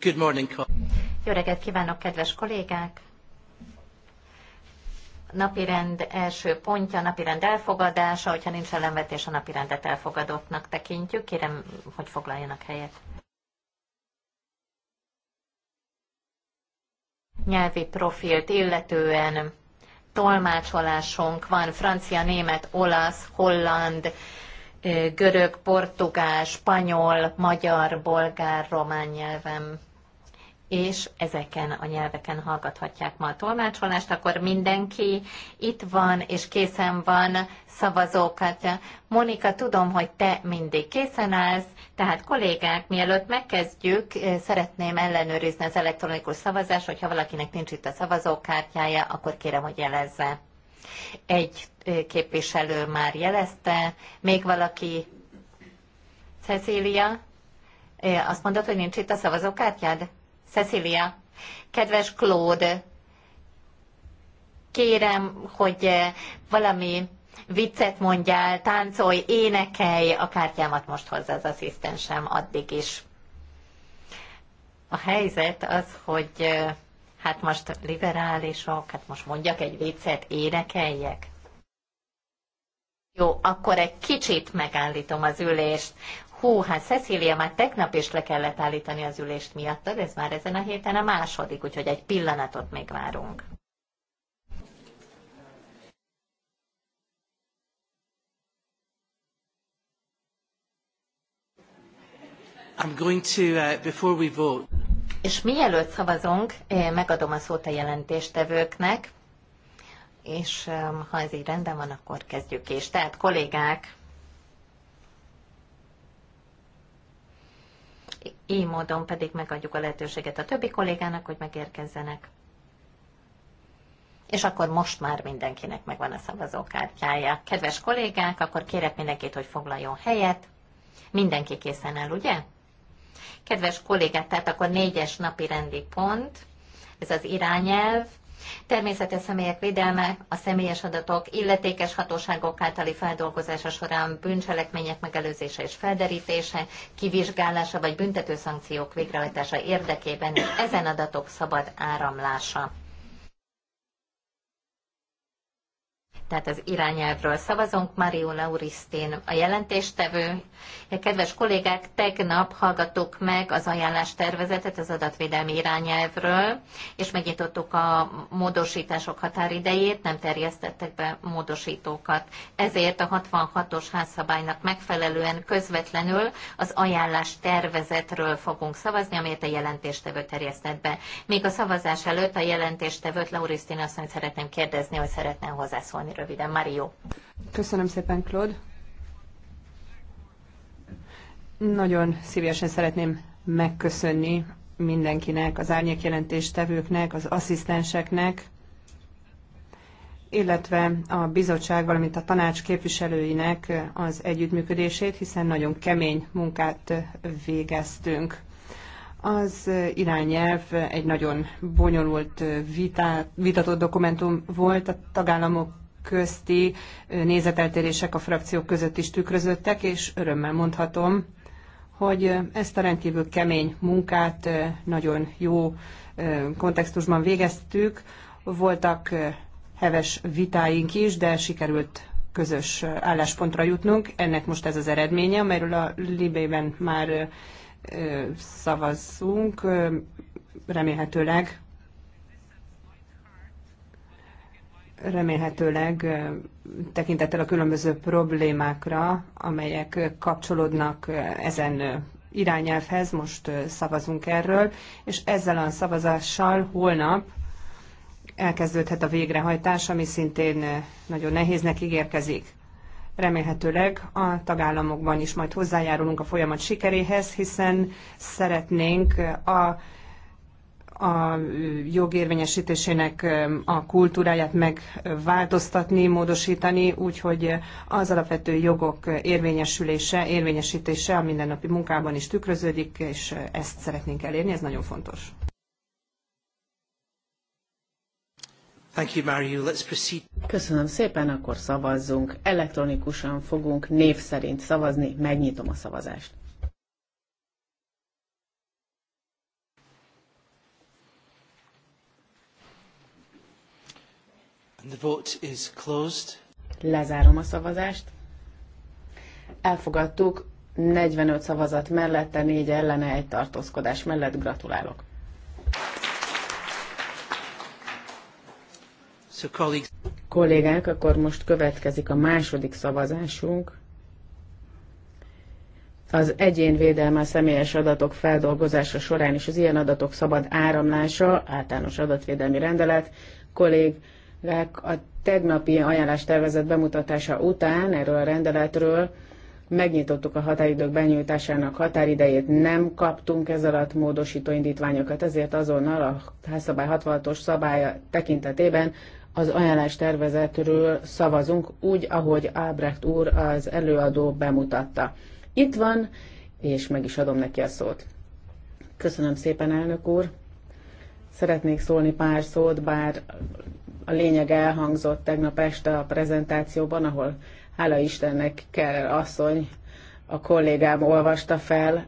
Good morning. Jó reggelt kívánok, kedves kollégák! Napirend első pontja, napirend elfogadása, hogyha nincs ellenvetés, a napirendet elfogadottnak tekintjük. Kérem, hogy foglaljanak helyet. Nyelvi profilt illetően tolmácsolásunk van, francia, német, olasz, holland, görög, portugál, spanyol, magyar, bolgár, román nyelven és ezeken a nyelveken hallgathatják ma a tolmácsolást, akkor mindenki itt van, és készen van szavazókat. Monika, tudom, hogy te mindig készen állsz, tehát kollégák, mielőtt megkezdjük, szeretném ellenőrizni az elektronikus szavazást, hogyha valakinek nincs itt a szavazókártyája, akkor kérem, hogy jelezze. Egy képviselő már jelezte, még valaki? Cecília? Azt mondod, hogy nincs itt a szavazókártyád? Cecilia, kedves Claude, kérem, hogy eh, valami viccet mondjál, táncolj, énekelj, a kártyámat most hozza az asszisztensem addig is. A helyzet az, hogy eh, hát most liberálisok, hát most mondjak egy viccet, énekeljek. Jó, akkor egy kicsit megállítom az ülést, Hú, hát Cecília már tegnap is le kellett állítani az ülést miattad, ez már ezen a héten a második, úgyhogy egy pillanatot még várunk. I'm going to, uh, before we vote. És mielőtt szavazunk, eh, megadom a szót a jelentéstevőknek, és um, ha ez így rendben van, akkor kezdjük is. Tehát kollégák, így módon pedig megadjuk a lehetőséget a többi kollégának, hogy megérkezzenek. És akkor most már mindenkinek megvan a szavazókártyája. Kedves kollégák, akkor kérek mindenkit, hogy foglaljon helyet. Mindenki készen el, ugye? Kedves kollégák, tehát akkor négyes napi rendi pont, ez az irányelv, Természetes személyek védelme, a személyes adatok, illetékes hatóságok általi feldolgozása során bűncselekmények megelőzése és felderítése, kivizsgálása vagy büntető szankciók végrehajtása érdekében ezen adatok szabad áramlása. tehát az irányelvről szavazunk. Mario Lauristin a jelentéstevő. Kedves kollégák, tegnap hallgattuk meg az tervezetet az adatvédelmi irányelvről, és megnyitottuk a módosítások határidejét, nem terjesztettek be módosítókat. Ezért a 66-os házszabálynak megfelelően közvetlenül az ajánlás tervezetről fogunk szavazni, amelyet a jelentéstevő terjesztett be. Még a szavazás előtt a jelentéstevőt Lauristin, azt szeretném kérdezni, hogy szeretném hozzászólni röviden, Mario. Köszönöm szépen, Claude. Nagyon szívesen szeretném megköszönni mindenkinek, az árnyékjelentéstevőknek, az asszisztenseknek, illetve a bizottság, valamint a tanács képviselőinek az együttműködését, hiszen nagyon kemény munkát végeztünk. Az irányelv egy nagyon bonyolult vita, vitatott dokumentum volt, a tagállamok közti nézeteltérések a frakciók között is tükröződtek, és örömmel mondhatom, hogy ezt a rendkívül kemény munkát nagyon jó kontextusban végeztük. Voltak heves vitáink is, de sikerült közös álláspontra jutnunk. Ennek most ez az eredménye, amelyről a Libében már szavazzunk, remélhetőleg remélhetőleg tekintettel a különböző problémákra, amelyek kapcsolódnak ezen irányelvhez, most szavazunk erről, és ezzel a szavazással holnap elkezdődhet a végrehajtás, ami szintén nagyon nehéznek ígérkezik. Remélhetőleg a tagállamokban is majd hozzájárulunk a folyamat sikeréhez, hiszen szeretnénk a a jogérvényesítésének a kultúráját megváltoztatni, módosítani, úgyhogy az alapvető jogok érvényesülése, érvényesítése a mindennapi munkában is tükröződik, és ezt szeretnénk elérni, ez nagyon fontos. Thank you, Mario. Let's proceed. Köszönöm szépen, akkor szavazzunk. Elektronikusan fogunk név szerint szavazni. Megnyitom a szavazást. And the vote is closed. Lezárom a szavazást. Elfogadtuk 45 szavazat mellette, 4 ellene, egy tartózkodás mellett. Gratulálok. So, colleagues. Kollégák, akkor most következik a második szavazásunk. Az egyén védelme személyes adatok feldolgozása során és az ilyen adatok szabad áramlása, általános adatvédelmi rendelet, kollég a tegnapi ajánlástervezet bemutatása után erről a rendeletről megnyitottuk a határidők benyújtásának határidejét, nem kaptunk ez alatt módosító indítványokat, ezért azonnal a házszabály 66-os szabálya tekintetében az ajánlás tervezetről szavazunk, úgy, ahogy Ábrecht úr az előadó bemutatta. Itt van, és meg is adom neki a szót. Köszönöm szépen, elnök úr! Szeretnék szólni pár szót, bár a lényeg elhangzott tegnap este a prezentációban, ahol hála Istennek Keller asszony, a kollégám olvasta fel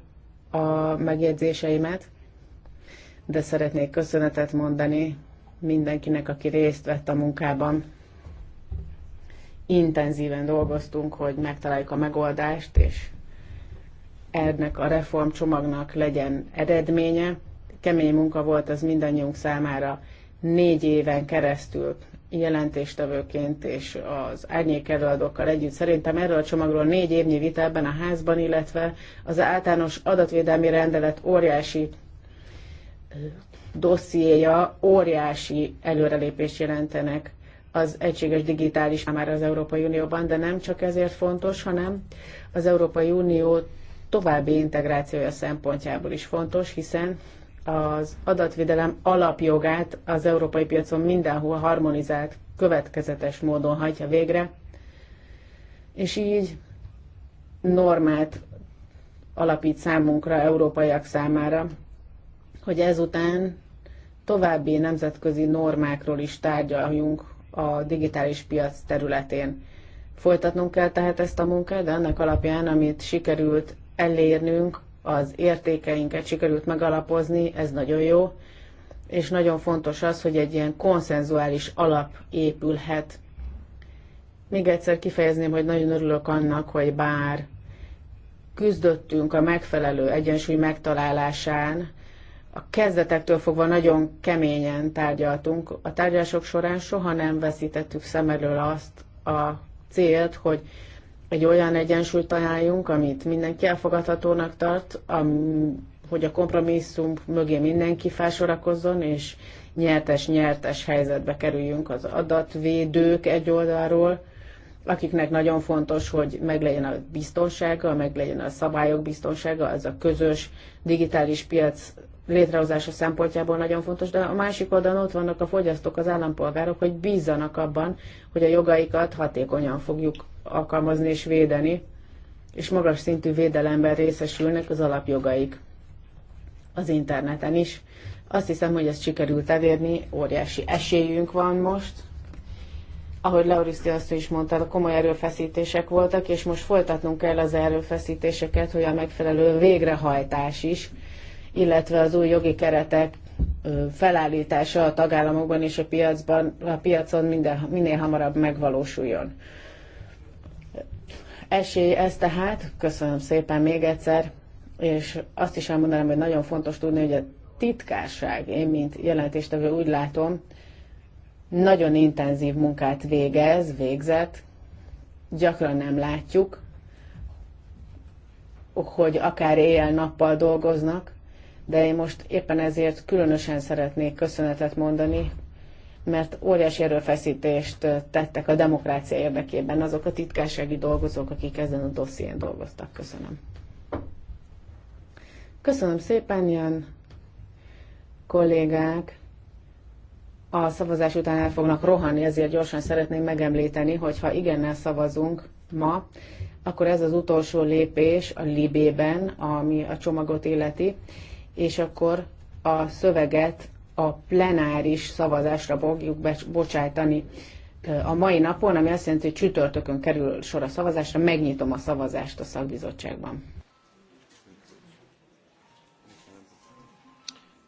a megjegyzéseimet, de szeretnék köszönetet mondani mindenkinek, aki részt vett a munkában. Intenzíven dolgoztunk, hogy megtaláljuk a megoldást, és ennek a reformcsomagnak legyen eredménye. Kemény munka volt az mindannyiunk számára, négy éven keresztül jelentéstevőként és az árnyék előadókkal együtt. Szerintem erről a csomagról négy évnyi vita ebben a házban, illetve az általános adatvédelmi rendelet óriási dossziéja óriási előrelépés jelentenek az egységes digitális már az Európai Unióban, de nem csak ezért fontos, hanem az Európai Unió további integrációja szempontjából is fontos, hiszen az adatvédelem alapjogát az európai piacon mindenhol harmonizált, következetes módon hagyja végre, és így normát alapít számunkra, európaiak számára, hogy ezután további nemzetközi normákról is tárgyaljunk a digitális piac területén. Folytatnunk kell tehát ezt a munkát, de ennek alapján, amit sikerült elérnünk, az értékeinket sikerült megalapozni, ez nagyon jó, és nagyon fontos az, hogy egy ilyen konszenzuális alap épülhet. Még egyszer kifejezném, hogy nagyon örülök annak, hogy bár küzdöttünk a megfelelő egyensúly megtalálásán, a kezdetektől fogva nagyon keményen tárgyaltunk. A tárgyalások során soha nem veszítettük szem elől azt a célt, hogy egy olyan egyensúlyt találjunk, amit mindenki elfogadhatónak tart, am, hogy a kompromisszum mögé mindenki felsorakozzon, és nyertes-nyertes helyzetbe kerüljünk az adatvédők egy oldalról, akiknek nagyon fontos, hogy meglegyen a biztonsága, meglegyen a szabályok biztonsága, ez a közös digitális piac létrehozása szempontjából nagyon fontos, de a másik oldalon ott vannak a fogyasztók, az állampolgárok, hogy bízzanak abban, hogy a jogaikat hatékonyan fogjuk alkalmazni és védeni, és magas szintű védelemben részesülnek az alapjogaik az interneten is. Azt hiszem, hogy ezt sikerült elérni, óriási esélyünk van most. Ahogy Lauriszti azt is mondta, komoly erőfeszítések voltak, és most folytatnunk kell az erőfeszítéseket, hogy a megfelelő végrehajtás is, illetve az új jogi keretek felállítása a tagállamokban és a, piacban, a piacon minden, minél hamarabb megvalósuljon esély ez tehát. Köszönöm szépen még egyszer, és azt is elmondanám, hogy nagyon fontos tudni, hogy a titkárság, én mint jelentéstevő úgy látom, nagyon intenzív munkát végez, végzett, gyakran nem látjuk, hogy akár éjjel-nappal dolgoznak, de én most éppen ezért különösen szeretnék köszönetet mondani mert óriási erőfeszítést tettek a demokrácia érdekében azok a titkársági dolgozók, akik ezen a dosszién dolgoztak. Köszönöm. Köszönöm szépen, Jan kollégák a szavazás után el fognak rohanni, ezért gyorsan szeretném megemlíteni, hogy ha igennel szavazunk ma, akkor ez az utolsó lépés a libében, ami a csomagot illeti, és akkor a szöveget a plenáris szavazásra fogjuk bocsájtani a mai napon, ami azt jelenti, hogy csütörtökön kerül sor a szavazásra, megnyitom a szavazást a szakbizottságban.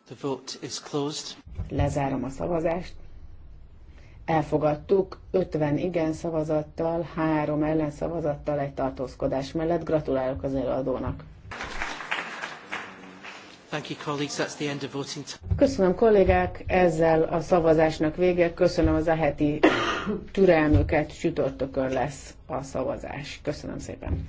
The vote is closed. Lezárom a szavazást. Elfogadtuk 50 igen szavazattal, 3 ellen szavazattal, egy tartózkodás mellett. Gratulálok az előadónak. Köszönöm kollégák, ezzel a szavazásnak vége. Köszönöm az a heti türelmüket, csütörtökön lesz a szavazás. Köszönöm szépen.